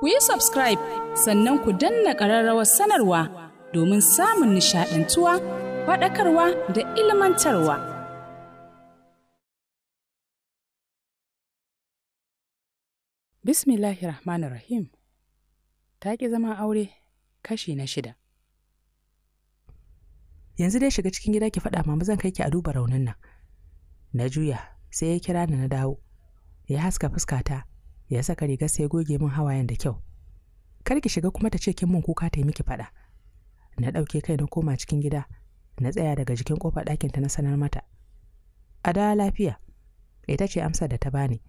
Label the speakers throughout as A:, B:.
A: ku yi subscribe sannan ku danna ƙararrawar
B: sanarwa domin samun nishaɗantuwa faɗakarwa da ilmantarwa.
A: Bismillahirrahmanirrahim Rahim ta ƙi zama aure kashi na shida. Yanzu dai shiga cikin gida ki faɗa mama zan kai ki a duba raunin nan. Na juya sai ya kira ni na dawo, ya haska fuskata ya saka riga sai goge min hawayen da kyau kar ki shiga kuma ta ce kin mun kuka ta yi miki faɗa na ɗauke kai na koma cikin gida na tsaya daga jikin ƙofar ɗakinta na sanar mata a da lafiya ita ce amsa da ta bani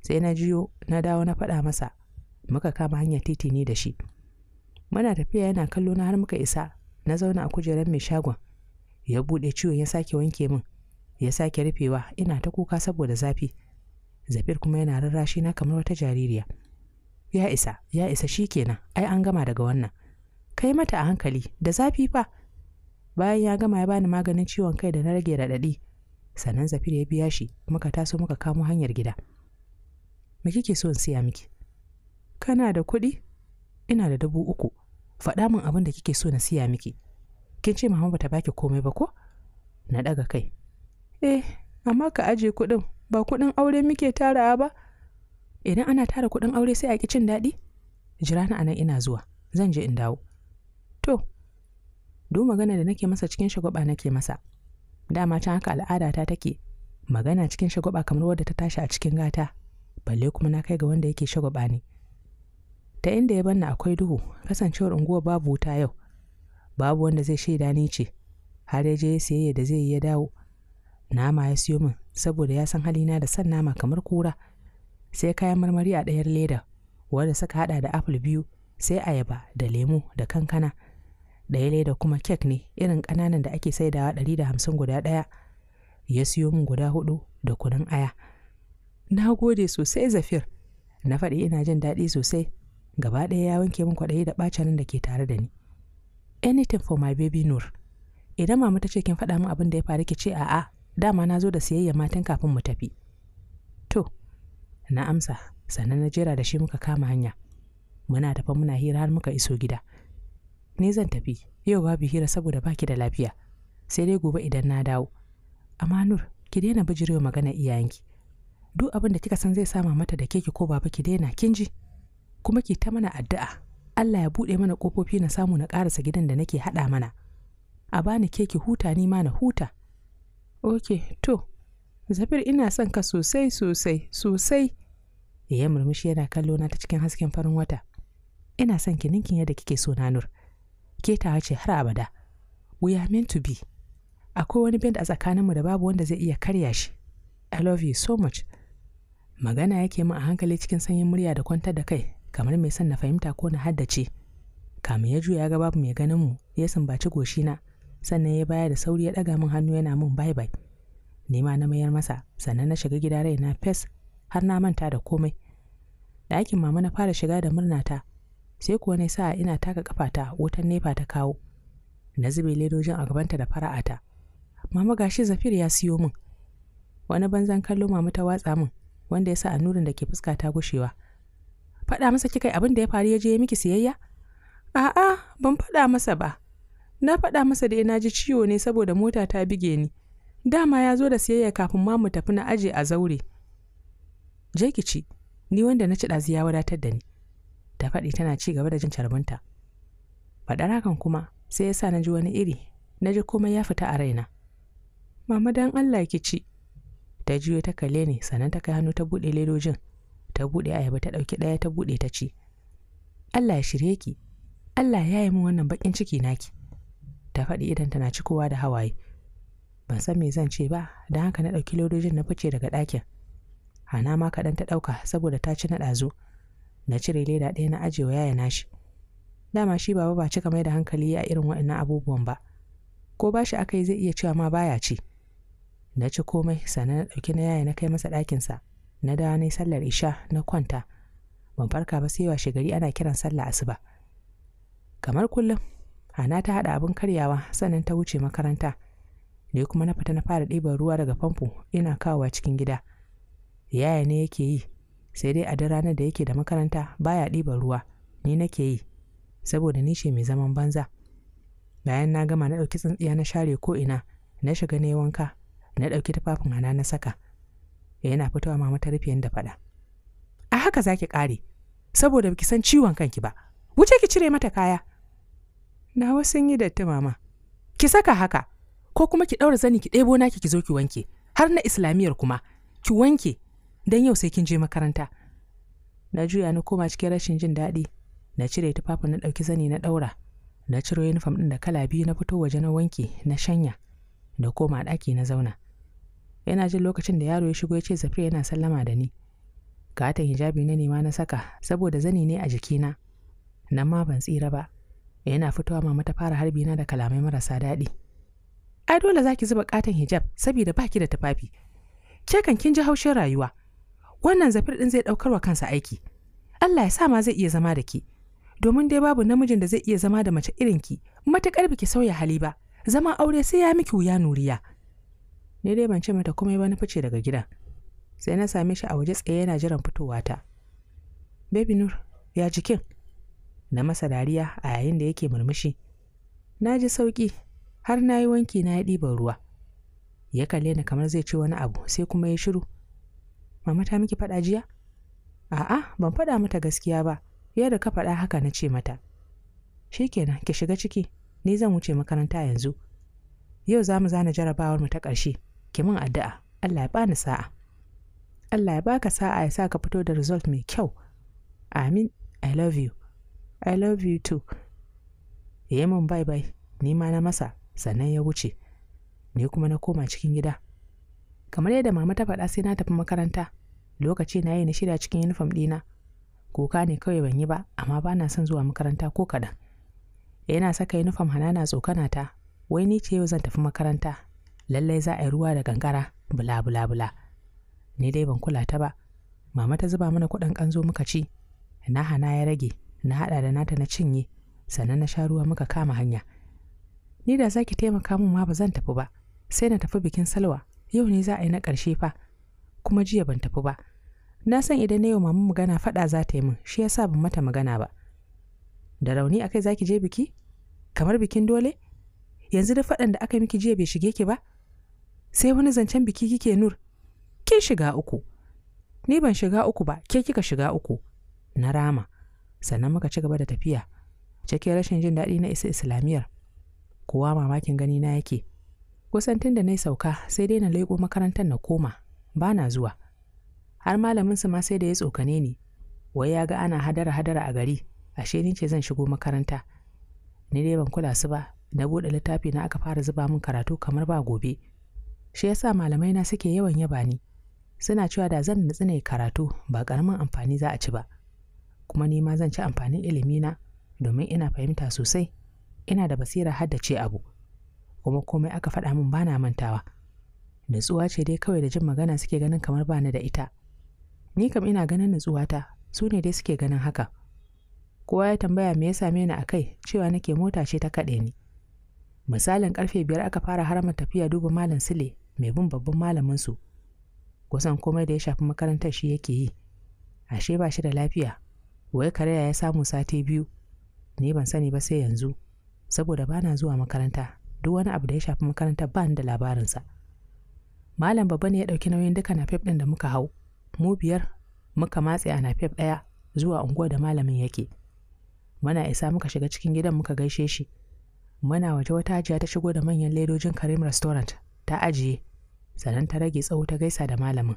A: sai na jiyo na dawo na faɗa masa muka kama hanyar titi ni da shi muna tafiya yana kallo na har muka isa na zauna a kujerar mai shagon ya buɗe ciwon ya sake wanke min ya sake rufewa ina ta kuka saboda zafi zafir kuma yana rarrashi na kamar wata jaririya ya isa ya isa shi kenan ai an gama daga wannan kai mata a hankali da zafi fa bayan ya gama ya bani maganin ciwon kai da na rage raɗaɗi sannan zafir ya biya shi muka taso muka kamo hanyar gida me kike so in siya miki kana da kuɗi ina da dubu uku faɗa min abin da kike so na siya miki kin ce mama bata baki komai ba ko na ɗaga kai eh amma ka aje kuɗin ba kuɗin aure muke tarawa ba idan ana tara kuɗin aure sai a ki cin daɗi jira na anan ina zuwa zan je in dawo to do magana da nake masa cikin shagwaba nake masa dama can haka al'adata take magana cikin shagwaba kamar wadda ta tashi a cikin gata balle kuma na kai ga wanda yake shagwaba ne ta inda ya banna akwai duhu kasancewar unguwa babu wuta yau babu wanda zai shaida ni ce har ya je ya siyayya da zai yi ya dawo nama ya siyo min saboda ya san halina da san nama kamar kura sai kayan marmari a ɗayar leda wanda suka hada da apple biyu sai ayaba da lemu da kankana ɗaya leda kuma kek ne irin ƙananan da ake saidawa ɗari da hamsin guda ɗaya ya siyo min guda hudu da kunun aya na gode sosai zafir na faɗi ina jin daɗi sosai gaba ɗaya ya wanke min kwaɗayi da ɓacin da ke tare da ni anything for my baby nur idan mama ta ce kin faɗa min abin da ya faru ki ce a'a dama na zo da siyayya matan kafin mu tafi to na amsa sannan na jera da shi muka kama hanya muna tafa muna hira har muka iso gida ni zan tafi yau babu hira saboda baki da lafiya sai dai gobe idan na dawo amma nur ki daina bijirewa magana iyayenki duk abin da kika san zai sama mata da keke ko baba ki daina kin ji kuma ki ta mana addu'a Allah ya buɗe mana ƙofofi na samu na ƙarasa gidan da nake haɗa mana a bani keke huta ni ma na huta ok to zafir ina son ka sosai sosai sosai ya murmushi yana kallo na ta cikin hasken farin wata ina son ki ninkin yadda kike so na nur ke ta ce har abada we are meant to be akwai wani bend a tsakaninmu da babu wanda zai iya karya shi i love you so much magana yake min a hankali cikin sanyin murya da kwantar da kai kamar mai son na fahimta ko na haddace kamin ya juya ga babu mai ganin mu ya sumbaci goshina sannan ya baya da sauri ya ɗaga min hannu yana min bye bye nema na mayar masa sannan na shiga gida rai na fes har na manta da komai ɗakin mama na fara shiga da murna ta sai kuwa ne sa ina taka kafata wutan nefa ta kawo na zube ledojin a gabanta da ta mama gashi zafir ya siyo min wani banzan kallo mama ta watsa min wanda ya sa annurin da ke fuska ta gushewa faɗa masa kika abin da ya faru ya je miki siyayya a'a ban faɗa masa ba na faɗa masa dai na ji ciwo ne saboda mota ta bige ni dama ya zo da siyayya kafin ma mu tafi na aje a zaure je ki ci ni wanda na ci ɗazu ya wadatar da ni ta faɗi tana ci gaba da jin carbinta faɗar hakan kuma sai ya sa na ji wani iri na ji komai ya fita a raina mama dan allah ki ci ta juyo ta kale ni sannan ta kai hannu ta buɗe ledojin ta buɗe ayaba ta ɗauki ɗaya ta buɗe ta ci allah ya shirye ki allah ya yi min wannan baƙin ciki naki ta faɗi idan tana cikowa da hawaye ban san me zan ce ba don haka na ɗauki lodojin na fice daga ɗakin hana ma kaɗan ta ɗauka saboda ta ci na ɗazu na cire leda ɗaya na aje wa yaya nashi dama shi baba ba cika mai da hankali a irin waɗannan abubuwan ba ko ba shi aka yi zai iya cewa ma baya ci na ci komai sannan na ɗauki na yaya na kai masa ɗakinsa na dawo na sallar isha na kwanta ban farka ba sai washe gari ana kiran sallah asuba kamar kullum hana ta haɗa abin karyawa sannan ta wuce makaranta ne kuma na fita na fara ɗiban ruwa daga famfo ina kawowa cikin gida yaya ne yake yi sai dai a da ranar da yake da makaranta baya ɗiban ruwa ni nake yi saboda ni ce mai zaman banza bayan na gama na ɗauki tsintsiya na share ko ina na shiga na wanka na ɗauki tufafin hana na saka yana fitowa mama ta rufe da faɗa a haka zaki kare saboda baki san ciwon kanki ba wuce ki cire mata kaya nawa sun yi datti mama ki saka haka ko kuma ki ɗaura zani ki ɗebo naki ki zo ki wanke har na islamiyar kuma ki wanke don yau sai kin je makaranta na juya na koma cikin rashin jin daɗi na cire tufafin na ɗauki zani na ɗaura na ciro yunifom ɗin da kala biyu na fito waje na wanke na shanya da koma ɗaki na zauna yana jin lokacin da yaro ya shigo ya ce zafiya yana sallama da ni gatan hijabi na nema na saka saboda zani ne a jikina nan ma ban tsira ba yana fitowa mama ta fara harbi na da kalamai marasa daɗi ai dole zaki zuba katon hijab saboda baki da tufafi ke kan kin ji haushin rayuwa wannan zafir ɗin zai ɗaukar wa kansa aiki Allah ya sa ma zai iya zama da ki domin dai babu namijin da zai iya zama da mace irin ki matakar biki sauya hali ba zama aure sai ya miki wuya nuriya ni dai ban ce mata komai ba na fice daga gidan sai na same shi a waje tsaye yana jiran fitowata baby nur ya jikin na masa dariya a yayin da yake murmushi na ji sauƙi har na yi wanki na ya ɗiban ruwa ya kalle ni kamar zai ce wani abu sai kuma ya shiru mama ta miki faɗa jiya a'a ban faɗa mata gaskiya ba ya da ka faɗa haka na ce mata Shi kenan ki shiga ciki ni zan wuce makaranta yanzu yau za mu zana jarabawar mu ta ƙarshe ki min addu'a Allah ya bani sa'a Allah ya baka sa'a ya sa ka fito da result mai kyau amin i love you i love you too ya yi min bye ni ma na masa sannan ya wuce ni kuma na koma cikin gida kamar yadda mama ta faɗa sai na tafi makaranta lokaci na yi na shida cikin yunifom ɗina kuka ne kawai ban yi ba amma ba na son zuwa makaranta ko kaɗan yana saka yunifom hanana tsokana ta wai ni ce yau zan tafi makaranta lallai za a yi ruwa da gangara bula bula bula ni dai ban kula ta ba mama ta zuba mana kuɗin kanzo muka ci na hana ya rage na haɗa da nata na cinye sannan na sha ruwa muka kama hanya ni da za ki taimaka mun ma ba zan tafi ba sai na tafi bikin salwa yau ne za a yi na ƙarshe fa kuma jiya ban tafi ba na san idan na yau mamu magana faɗa za ta yi min shi yasa ban mata magana ba da rauni akai za ki je biki kamar bikin dole yanzu da faɗan da aka miki jiya bai shige ki ba sai wani zancen biki kike nur kin shiga uku ni ban shiga uku ba ke kika shiga uku na rama sannan muka ci gaba da tafiya cikin rashin jin daɗi na isa islamiyar kowa mamakin gani na yake kusan tun da na sauka sai dai na laiko makarantar na koma ba na zuwa har malamin su ma sai da ya tsokane ni wai ya ga ana hadara hadara a gari ashe ni ce zan shigo makaranta ni dai ban kula su ba na buɗe littafi na aka fara zuba min karatu kamar ba gobe shi yasa malamai na suke yawan yaba ni suna cewa da zan nutsu ne karatu ba ƙaramin amfani za a ci ba kuma ni ma zan ci amfanin ilimi na, domin ina fahimta sosai ina da basira ce abu kuma komai aka faɗa min bana mantawa nutsuwa ce dai kawai da jin magana suke ganin kamar bani da ita ni kam ina ganin nutsuwata su ne dai suke ganin haka kowa ya tambaya me ya same ni akai cewa nake mota ce ta kaɗe ni misalin karfe biyar aka fara harama tafiya duba malam sile mai bin babban malamin su kusan komai da ya shafi makarantar shi yake yi ashe ba shi da lafiya wai karaya ya samu sati biyu ne ban sani ba sai yanzu saboda bana zuwa makaranta duk wani abu da ya shafi makaranta ba da labarinsa malam babba ne ya ɗauki nauyin duka nafef ɗin da muka hau mu biyar muka matse a nafef ɗaya zuwa unguwa da malamin yake muna isa muka shiga cikin gidan muka gaishe shi muna waje wata ajiya ta shigo da manyan ledojin karim restaurant ta ajiye sannan ta rage tsawo ta gaisa da malamin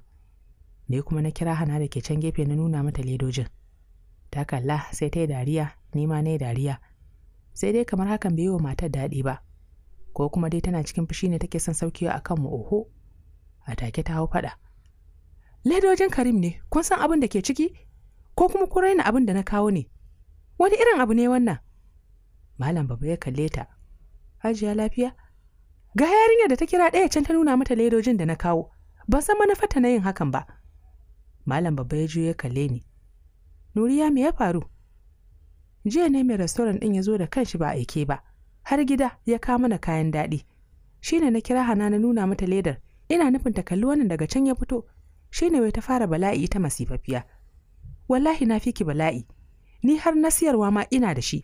A: ne kuma na kira hana da ke can gefe na nuna mata ledojin ta kalla sai ta yi dariya ni ma na yi dariya sai dai kamar hakan bai yi wa matar daɗi ba ko kuma dai tana cikin fushi ne take son saukewa a kanmu oho a take ta hau faɗa ledojin karim ne kun san abin da ke ciki ko kuma kun raina abin da na kawo ne wani irin abu ne wannan malam babu ya kalle ta hajiya lafiya ga yarinyar da ta kira ɗaya can ta nuna mata ledojin da na kawo ban san manufarta na yin hakan ba malam babba ya juyo ya kalle ni Nuriya me ya faru? Jiya ne mai restoran ɗin ya zo da kanshi ba aike ba, har gida ya kawo mana kayan daɗi. Shi ne na kira Hana na nuna mata ledar, ina nufin ta wannan daga can ya fito, shi ne wai ta fara bala'i ita masifafiya. Wallahi na fiki bala'i, ni har na siyarwa ma ina da shi.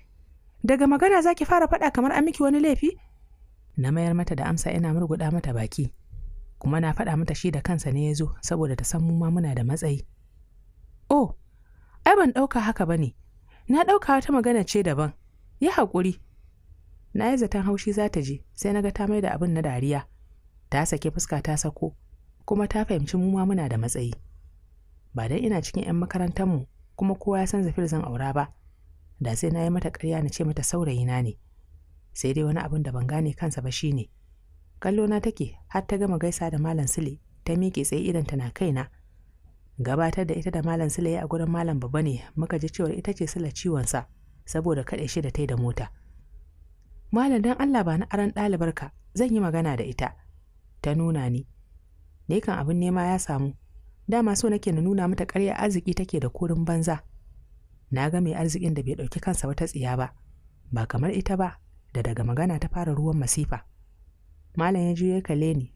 A: Daga magana za ki fara faɗa kamar an miki wani laifi? Na mayar mata da amsa ina murguɗa mata baki, kuma na faɗa mata shi da kansa ne ya zo saboda ta san mu ma muna da matsayi. Oh, ai ban ɗauka haka ba ne na ɗauka wata magana ce daban yi haƙuri na yi zaton haushi za ta je sai na ga ta mai da abin na dariya ta sake fuska ta sako kuma ta fahimci mu ma muna da matsayi ba dan ina cikin 'yan makarantar mu kuma kowa ya san zafir zan aura ba da sai na yi mata ƙarya na ce mata saurayina ne sai dai wani abin da ban gane kansa ba shine kallona take har ta gama gaisa da malam sule ta miƙe tsaye idan tana kaina gabatar da ita da malam sila a gurin malam babba ne muka ji cewar ita ce ciwon sa, saboda kaɗe shi da ta da mota malam dan allah ba na aran ɗalibarka zan yi magana da ita ta nuna ni ne kan abin nema ya samu dama so nake na nuna mata karya arziki take da kurin banza na ga mai arzikin da bai ɗauki kansa wata tsiya ba ba kamar ita ba da daga magana ta fara ruwan masifa malam ya juya kalle ni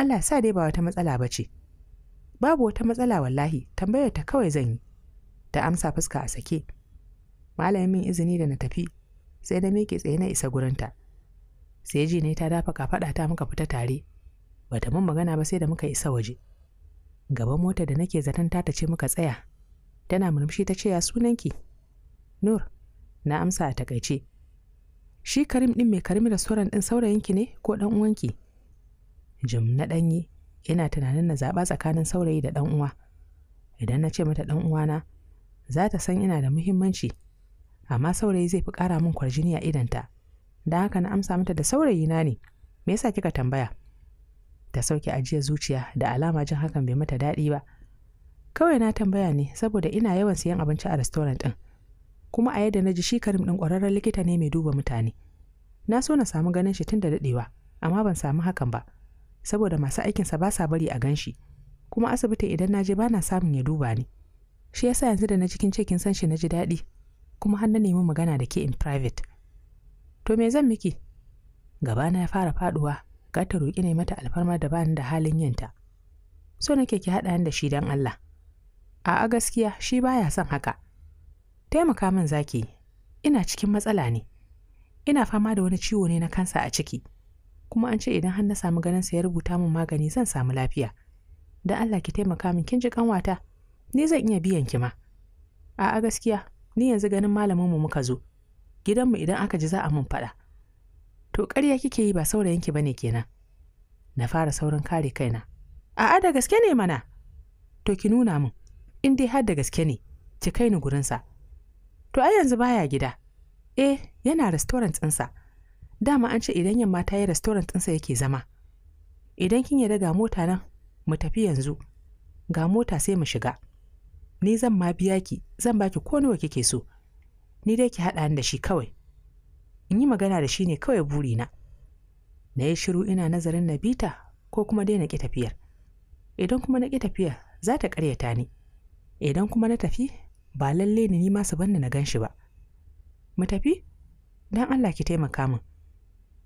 A: allah sa dai ba wata matsala ba ce babu wata matsala wallahi tambayar ta kawai zan yi ta amsa fuska a sake malamin min izini da na tafi sai na miƙe tsaye na isa gurinta sai ji ne ta dafa kafaɗa ta muka fita tare bata mun magana ba sai da muka isa waje gaban mota da nake zaton ta ce muka tsaya tana murmushi ta ce ya sunanki nur na amsa a takaice shi karim din mai karim Sauran din saurayinki ne ko dan uwanki jim na danyi ina tunanin na zaɓa tsakanin saurayi da ɗan uwa idan na ce mata ɗan uwana za ta san ina da muhimmanci amma saurayi zai fi ƙara min kwarjini a idanta don haka na amsa mata da saurayi na ne me yasa kika tambaya ta sauke ajiyar zuciya da alama jin hakan bai mata daɗi ba kawai na tambaya ne saboda ina yawan siyan abinci a restaurant ɗin kuma a yadda na ji shi karim ɗin ƙwararren likita ne mai duba mutane na so na samu ganin shi tun da daɗewa amma ban samu hakan ba saboda masu aikinsa ba sa bari a gan shi kuma asibiti idan na je ba na samun ya duba ni shi yasa yanzu da na cikin cikin san shi na ji daɗi kuma har na nemi magana da ke in private to me zan miki gabana ya fara faduwa ga ta roƙi ne mata alfarma da ba ni da halin yinta so nake ki haɗa da shi don Allah a'a gaskiya shi baya son haka taimaka min zaki ina cikin matsala ne ina fama da wani ciwo ne na kansa a ciki kuma an ce idan har na samu ganin sa ya rubuta min magani zan samu lafiya da Allah ki taimaka min kin ji kanwata ni zan iya biyan ki ma a'a gaskiya ni yanzu ganin malamin mu muka zo gidanmu idan aka ji za a mun faɗa to ƙarya kike yi ba saurayinki bane kenan na fara saurin kare kaina a'a da gaske ne mana to ki nuna min in dai har da gaske ne ki kai ni gurin sa to ai yanzu baya gida eh yana restaurant ɗinsa dama an ce idan yamma ta yi restaurant ɗinsa yake zama idan kin yarda ga mota nan mu tafi yanzu ga mota sai mu shiga ni zan ma biya ki zan baki ko nawa kike so ni dai ki haɗa da shi kawai in yi magana da shi ne kawai buri na yi shiru ina nazarin na bita ko kuma dai na ƙi tafiyar idan kuma na ƙi tafiyar za ta ƙaryata ni idan kuma na tafi ba lalle ni ma su banna na gan shi ba mu tafi don allah ki taimaka min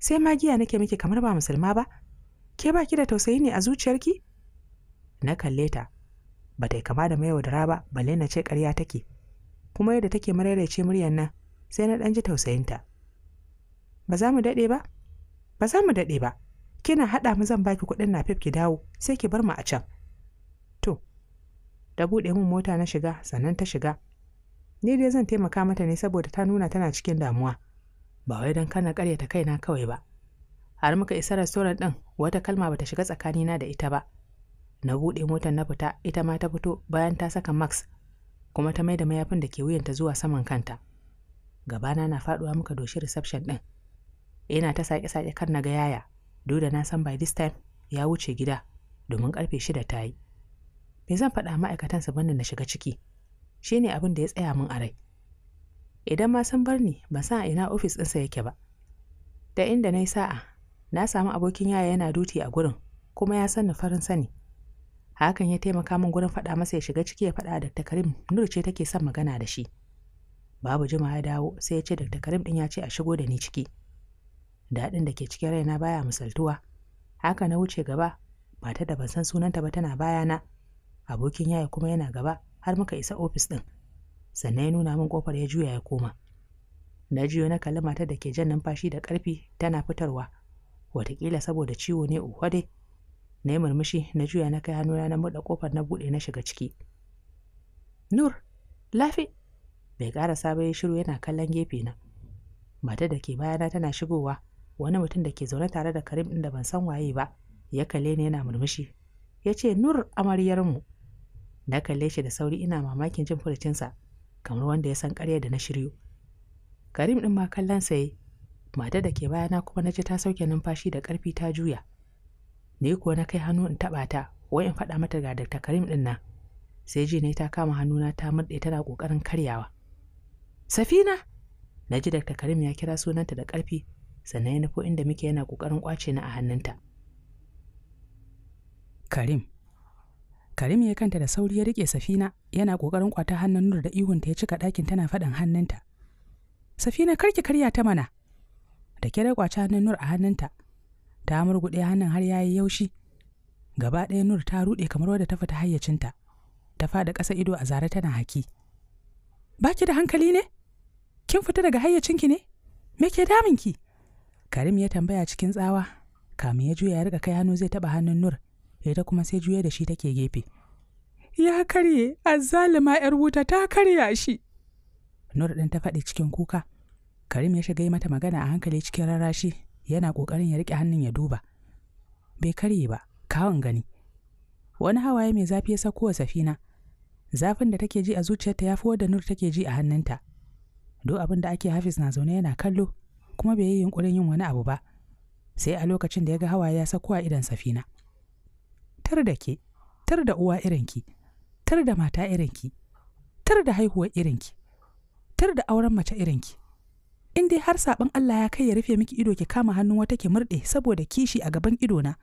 A: sai magiya nake miki kamar ba musulma ba ke ba ki da tausayi ne a zuciyarki na kalle ta ba ta kama da mai wadara ba balle na ce ƙarya take kuma yadda take maraice muryar nan sai na ɗan ji tausayinta ba za mu daɗe ba ba za mu daɗe ba kina haɗa mu zan baki kuɗin nafif ki dawo sai ki bar mu a can to da buɗe mun mota na shiga sannan ta shiga ni dai zan taimaka mata ne saboda ta nuna tana cikin damuwa ba wai don kana ta kaina kawai ba har muka isa restoran ɗin wata kalma bata shiga tsakanina da ita ba na buɗe motar na fita ita ma ta fito bayan ta saka max kuma ta mai da mayafin da ke wuyanta zuwa saman kanta gabana na faɗuwa muka doshi reception ɗin ina ta sake-sake kan na ga yaya duk da na san by this time ya wuce gida domin karfe shida ta yi me zan faɗa ma'aikatan su banda na shiga ciki shine abin da ya tsaya min a rai idan ma san bar ni ba san ina ofis ɗinsa yake ba da inda na yi sa'a na samu abokin yaya yana duti a gurin kuma ya san farin sani hakan ya taimaka min gurin faɗa masa ya shiga ciki ya faɗa da karim nur ce take son magana da shi babu jima ya dawo sai ya ce da karim ɗin ya ce a shigo da ni ciki daɗin da ke cikin raina baya misaltuwa haka na wuce gaba mata da ban san sunanta ba tana bayana abokin yaya kuma yana gaba har muka isa ofis ɗin. sannan ya nuna min kofar ya juya ya koma na jiyo na kalli matar da ke jan numfashi da ƙarfi tana fitarwa wataƙila saboda ciwo ne uwa dai na yi murmushi na juya na kai hannuna na buɗe kofar na buɗe na shiga ciki nur lafi bai ƙara sabo ya shiru yana kallon gefe na matar da ke bayana tana shigowa wani mutum da ke zaune tare da karim ɗin da ban san waye ba ya kalle ni yana murmushi ya ce nur amaryarmu na kalle shi da sauri ina mamakin jin furucinsa kamar wanda ya san karya da na shiryo karim ɗin ma kallon sai, mata da ke bayana kuma na ji ta sauke numfashi da ƙarfi ta juya ni kuwa na kai hannu in taɓa ta wai in faɗa mata ga dakta karim ɗin nan sai ji ne ta kama hannuna ta murɗe tana ƙoƙarin karyawa safina na ji dakta karim ya kira sunanta da ƙarfi sannan ya nufo inda muke yana ƙoƙarin ƙwace na a hannunta karim Karim ya kanta da sauri ya rike Safina yana ƙoƙarin kwata hannun Nur da ihunta ya cika ɗakin tana faɗin hannunta. Safina karki karya ta mana. Da kira kwace hannun Nur a hannunta. Ta murgude hannun har yayi yaushi. Gaba ɗaya Nur ta ruɗe kamar wadda ta fita hayyacinta. Ta faɗi ƙasa ido a zare tana haki. Ba ki da hankali ne? Kin fita daga hayyacinki ne? Me ke damunki? Karim ya tambaya cikin tsawa. Kamin ya juya ya riƙa kai hannu zai taɓa hannun Nur. ita kuma sai juya da shi take gefe
B: ya karye azzalima yar wuta ta karya shi
A: nur ɗin ta faɗi cikin kuka karim ya shiga yi mata magana a hankali cikin rarashi yana ƙoƙarin ya riƙe hannun ya duba bai karye ba kawon gani wani hawaye mai zafi ya sako wa safina zafin da take ji a zuciyarta ya fi wadda nur take ji a hannunta do abin da ake hafiz na zaune yana kallo kuma bai yi yunƙurin yin wani abu ba sai a lokacin da ya ga hawaye ya sako a idon safina tar da ke tar da uwa irinki tar da mata irinki tar da haihuwar irinki tar da auren mace irinki in dai har saɓin Allah ya kai ya rufe miki ido ki kama hannu wata ki murɗe saboda kishi a gaban idona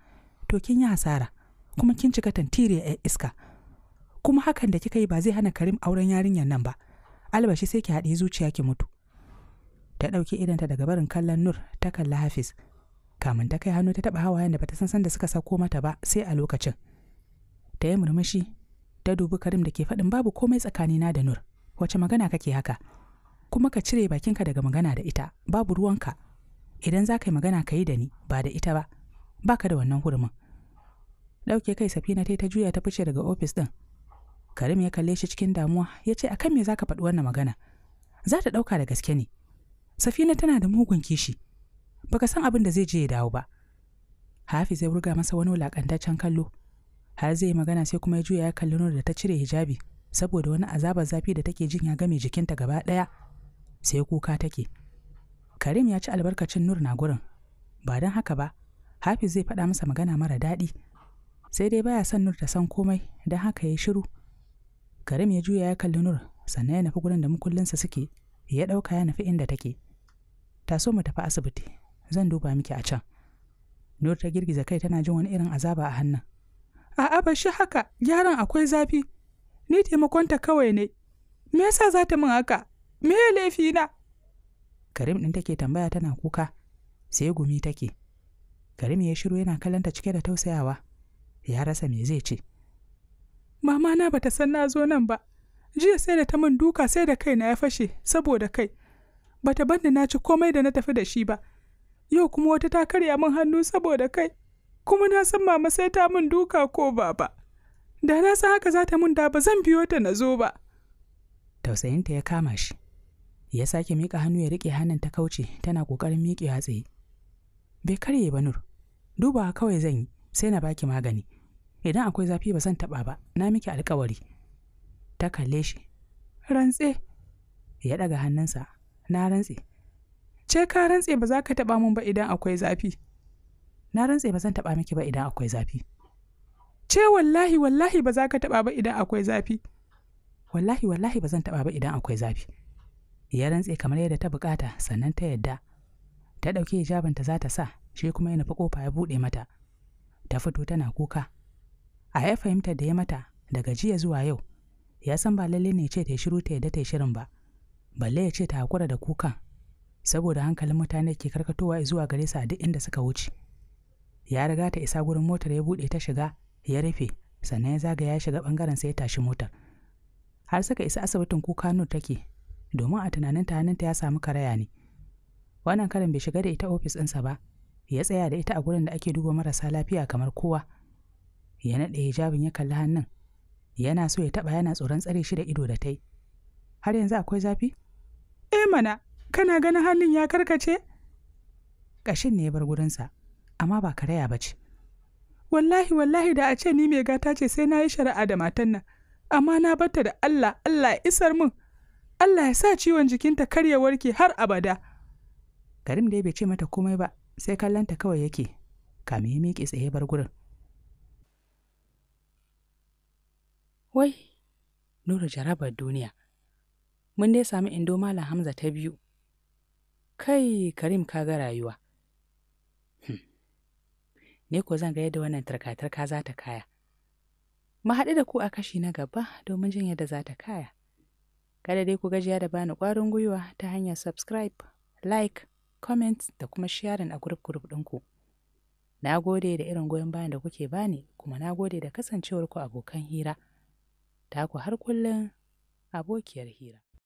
A: to kin yi hasara kuma kin cika tantire a iska kuma hakan da kika yi ba zai hana Karim auren yarinyar nan ba albashi sai ki haɗe zuciya ki mutu ta ɗauki idanta daga barin kallon Nur ta kalli Hafiz kamun ta kai hannu ta taɓa hawayen da bata san san da suka sako mata ba sai a lokacin ta yi murmushi ta dubi karim da ke faɗin babu komai tsakanina da nur wace magana kake haka kuma ka cire bakinka daga magana da ita babu ruwanka idan za ka yi magana ka yi da ni ba da ita ba ka da wannan hurumin ɗauke kai safina ta ta juya ta fice daga ofis ɗin karim ya kalle shi cikin damuwa ya ce a kan me za ka faɗi wannan magana za ta ɗauka da gaske ne safina tana da mugun kishi baka san abin da zai je ya dawo ba hafi zai burga masa wani wulakantaccen kallo har zai yi magana sai kuma ya juya ya kalli nuna da ta cire hijabi saboda wani azabar zafi da take jin ya game jikinta gaba ɗaya sai kuka take karim ya ci albarkacin nur na gurin ba don haka ba hafi zai faɗa masa magana mara daɗi sai dai baya son nur ta san komai don haka ya shiru karim ya juya ya kalli nur sannan ya nufi gurin da mukullinsa suke ya ɗauka ya nufi inda take ta so mu tafi asibiti zan duba miki a can nur ta girgiza kai tana jin wani irin azaba a hannun
B: a'a aba shi haka gyaran akwai zafi ni taimakonta kawai ne me yasa za ta min haka me ya laifi na
A: karim din take tambaya tana kuka sai gumi take karim ya shiru yana kallonta cike da tausayawa ya rasa me zai ce
B: mama na bata san na zo nan ba jiya sai da ta min duka sai da kaina ya fashe saboda kai bata banda na ci komai da na tafi da shi ba yau kuma wata ta karya min hannu saboda kai kuma na san mama sai ta min duka ko baba da na san haka za ta min da ba zan biyo ta na zo ba
A: tausayinta ya kama shi ya sake miƙa hannu ya riƙe hannun ta kauce tana ƙoƙarin miƙewa tsaye bai karye ba nur duba kawai zan yi sai na baki magani idan akwai zafi ba zan taɓa ba na miki alkawari ta kalle shi
B: rantse ya ɗaga hannunsa na rantse ce ka rantse ba za ka taɓa min ba idan akwai zafi na rantse ba zan taɓa miki ba idan akwai zafi ce wallahi wallahi ba za ka taɓa ba idan akwai zafi wallahi wallahi ba zan
A: taɓa ba idan akwai zafi ya rantse kamar yadda ta bukata sannan ta yadda ta hijabin ta za ta sa shi kuma ya nufi ƙofa ya buɗe mata ta fito tana kuka a ya fahimta da ya mata daga jiya zuwa yau ya san ba lalle ne ce ta shiru ta yadda ta shirin ba balle ya ce ta hakura da kukan saboda hankalin mutane ke karkatowa zuwa gare sa a duk inda suka wuce ya riga ta isa gurin motar ya buɗe ta shiga ya rufe sannan ya zagaya ya shiga bangaren sai ya tashi motar har suka isa asibitin kuka nu take domin a tunanin ta hannunta ya samu karaya ne wannan karin bai shiga da ita ofis ɗinsa ba ya tsaya da ita a gurin da ake duba marasa lafiya kamar kowa
B: ya naɗe hijabin ya kalli hannun yana so ya taɓa yana tsoron tsare shi da ido da ta yi. har yanzu akwai zafi eh mana kana ganin hannun ya karkace ƙashin ne ya bar gurinsa amma ba karaya ba ce wallahi wallahi da a ce ni mai gata ce sai na yi shari'a da matan nan amma na batta da Allah Allah isar min Allah ya sa ciwon jikinta kar ya warke har abada Karim dai bai ce
A: mata komai ba sai kallonta kawai yake kamin ya miƙe tsaye bar gurin wai nura jarabar duniya mun dai sami indo malam hamza ta biyu kai karim ka ga rayuwa hmm. ne ko zan ga yadda wannan tarkatarka za ta kaya mu haɗu da ku a kashi na gaba domin jin yadda za ta kaya kada dai ku gajiya da bani ƙwarin gwiwa ta hanyar subscribe like comment da kuma sharing a group group ɗinku na gode da irin goyon bayan da kuke bani kuma na gode da kasancewarku abokan hira ta ku har kullum abokiyar hira